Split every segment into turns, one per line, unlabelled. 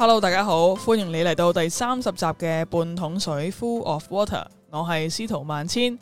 Hello，大家好，歡迎你嚟到第三十集嘅半桶水 （Full of Water），我係司徒萬千。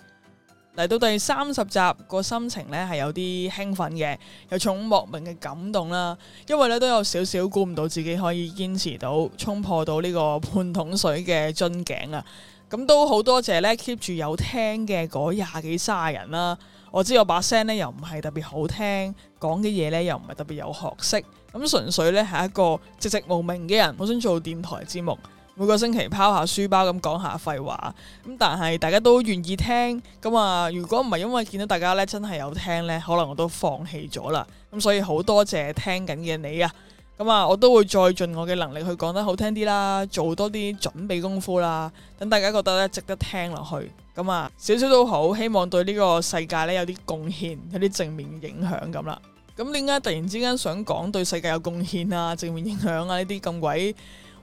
嚟到第三十集個心情呢係有啲興奮嘅，有種莫名嘅感動啦，因為呢都有少少估唔到自己可以堅持到衝破到呢個半桶水嘅樽頸啊！咁都好多謝呢 keep 住有聽嘅嗰廿幾卅人啦。我知我把聲呢又唔係特別好聽，講嘅嘢呢又唔係特別有學識，咁純粹呢係一個籍籍無名嘅人，好想做電台節目，每個星期拋下書包咁講下廢話，咁但係大家都願意聽，咁啊如果唔係因為見到大家呢真係有聽呢，可能我都放棄咗啦，咁所以好多謝聽緊嘅你啊！咁啊，我都會再盡我嘅能力去講得好聽啲啦，做多啲準備功夫啦，等大家覺得咧值得聽落去。咁啊，少少都好，希望對呢個世界咧有啲貢獻，有啲正面嘅影響咁啦。咁點解突然之間想講對世界有貢獻啊，正面影響啊呢啲咁鬼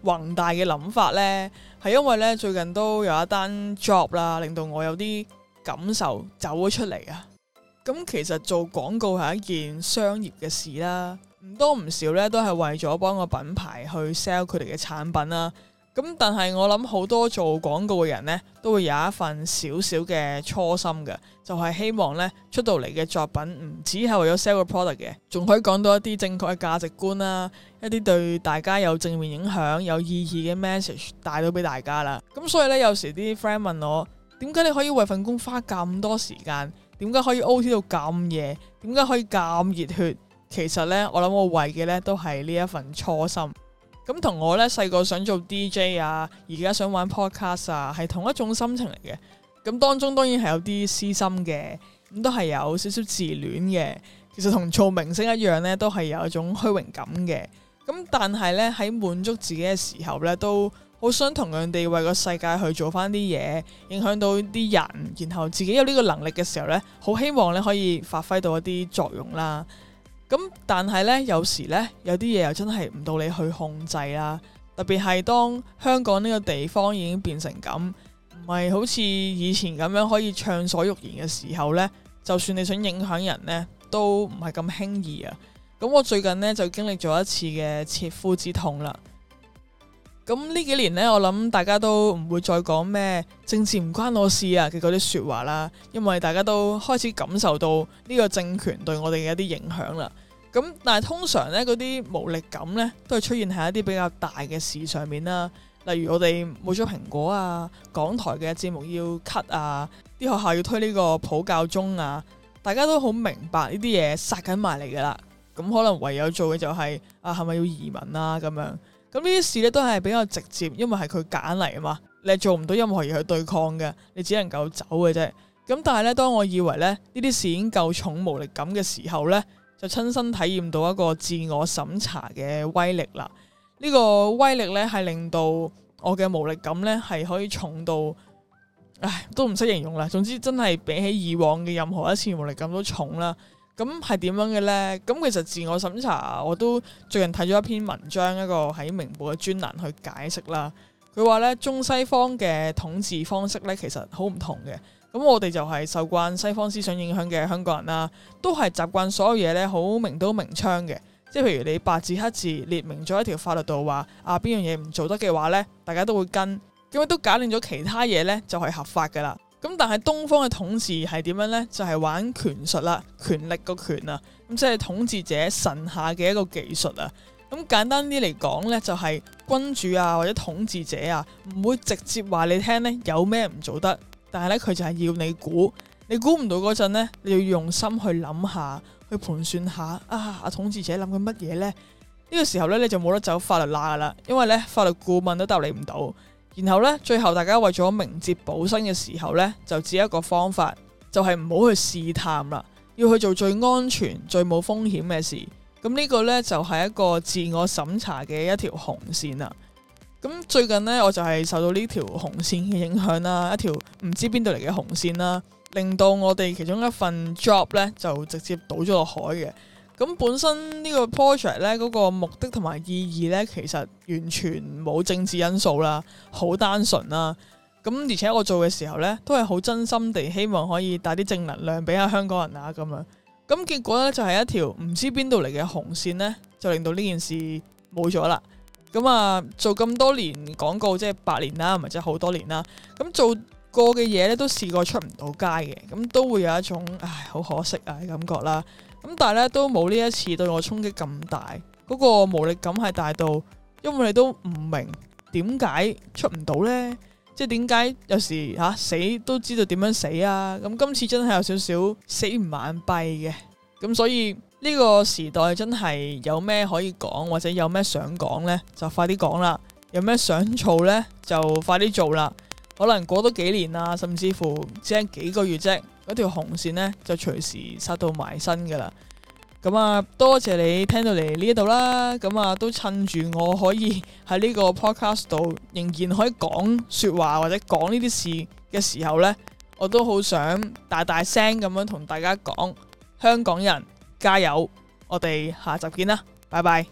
宏大嘅諗法呢？係因為呢最近都有一單 job 啦，令到我有啲感受走咗出嚟啊。咁其實做廣告係一件商業嘅事啦。唔多唔少咧，都係為咗幫個品牌去 sell 佢哋嘅產品啦。咁但係我諗好多做廣告嘅人呢，都會有一份少少嘅初心嘅，就係希望呢，出到嚟嘅作品唔止係為咗 sell 個 product 嘅，仲可以講到一啲正確嘅價值觀啦，一啲對大家有正面影響、有意義嘅 message 帶到俾大家啦。咁所以呢，有時啲 friend 問我，點解你可以為份工花咁多時間？點解可以 OT 到咁夜？點解可以咁熱血？其實呢，我諗我為嘅呢都係呢一份初心。咁同我呢細個想做 DJ 啊，而家想玩 podcast 啊，係同一種心情嚟嘅。咁當中當然係有啲私心嘅，咁都係有少少自戀嘅。其實同做明星一樣呢，都係有一種虛榮感嘅。咁但係呢，喺滿足自己嘅時候呢，都好想同樣地為個世界去做翻啲嘢，影響到啲人，然後自己有呢個能力嘅時候呢，好希望呢可以發揮到一啲作用啦。咁但係呢，有時呢，有啲嘢又真係唔到你去控制啦。特別係當香港呢個地方已經變成咁，唔係好似以前咁樣可以暢所欲言嘅時候呢，就算你想影響人呢，都唔係咁輕易啊。咁我最近呢，就經歷咗一次嘅切膚之痛啦。咁呢幾年呢，我諗大家都唔會再講咩政治唔關我事啊嘅嗰啲說話啦，因為大家都開始感受到呢個政權對我哋嘅一啲影響啦。咁，但係通常咧，嗰啲無力感咧，都係出現喺一啲比較大嘅事上面啦。例如我哋冇咗蘋果啊，港台嘅節目要 cut 啊，啲學校要推呢個普教中啊，大家都好明白呢啲嘢殺緊埋嚟噶啦。咁可能唯有做嘅就係、是、啊，係咪要移民啊咁樣？咁呢啲事咧都係比較直接，因為係佢揀嚟啊嘛，你係做唔到任何嘢去對抗嘅，你只能夠走嘅啫。咁但係咧，當我以為咧呢啲事已經夠重無力感嘅時候咧，就親身體驗到一個自我審查嘅威力啦！呢個威力咧，係令到我嘅無力感咧，係可以重到，唉，都唔識形容啦。總之真係比起以往嘅任何一次無力感都重啦。咁係點樣嘅咧？咁其實自我審查，我都最近睇咗一篇文章，一個喺明報嘅專欄去解釋啦。佢話咧，中西方嘅統治方式咧，其實好唔同嘅。咁我哋就係受慣西方思想影響嘅香港人啦，啊，都係習慣所有嘢呢好明刀明槍嘅，即係譬如你白字黑字列明咗一條法律度話，啊邊樣嘢唔做得嘅話呢，大家都會跟，咁樣都搞掂咗其他嘢呢，就係合法噶啦。咁但係東方嘅統治係點樣呢？就係、是、玩權術啦，權力個權啊，咁即係統治者臣下嘅一個技術啊。咁簡單啲嚟講呢，就係君主啊或者統治者啊，唔會直接話你聽呢有咩唔做得。但係咧，佢就係要你估，你估唔到嗰陣呢，你要用心去諗下，去盤算下，啊，阿統治者諗緊乜嘢呢？這」呢個時候呢，你就冇得走法律罅啦，因為呢，法律顧問都兜你唔到。然後呢，最後大家為咗明哲保身嘅時候呢，就只有一個方法，就係唔好去試探啦，要去做最安全、最冇風險嘅事。咁呢個呢，就係一個自我審查嘅一條紅線啦。咁最近呢，我就係受到呢條紅線嘅影響啦，一條唔知邊度嚟嘅紅線啦，令到我哋其中一份 job 呢就直接倒咗落海嘅。咁本身呢個 project 呢，嗰個目的同埋意義呢，其實完全冇政治因素啦，好單純啦。咁而且我做嘅時候呢，都係好真心地希望可以帶啲正能量俾下香港人啊，咁樣。咁結果呢，就係一條唔知邊度嚟嘅紅線呢，就令到呢件事冇咗啦。咁啊，做咁多年廣告，即係八年啦，或者好多年啦。咁做過嘅嘢咧，都試過出唔到街嘅，咁都會有一種唉，好可惜啊嘅感覺啦。咁但係咧，都冇呢一次對我衝擊咁大，嗰個無力感係大到，因為你都唔明點解出唔到呢，即係點解有時吓死都知道點樣死啊。咁今次真係有少少死唔眼閉嘅，咁所以。呢個時代真係有咩可以講，或者有咩想講呢？就快啲講啦。有咩想做呢？就快啲做啦。可能過多幾年啊，甚至乎只幾個月啫，嗰條紅線呢，就隨時殺到埋身噶啦。咁啊，多謝你聽到嚟呢一度啦。咁啊，都趁住我可以喺呢個 podcast 度，仍然可以講說話或者講呢啲事嘅時候呢，我都好想大大聲咁樣同大家講，香港人。加油！我哋下集見啦，拜拜。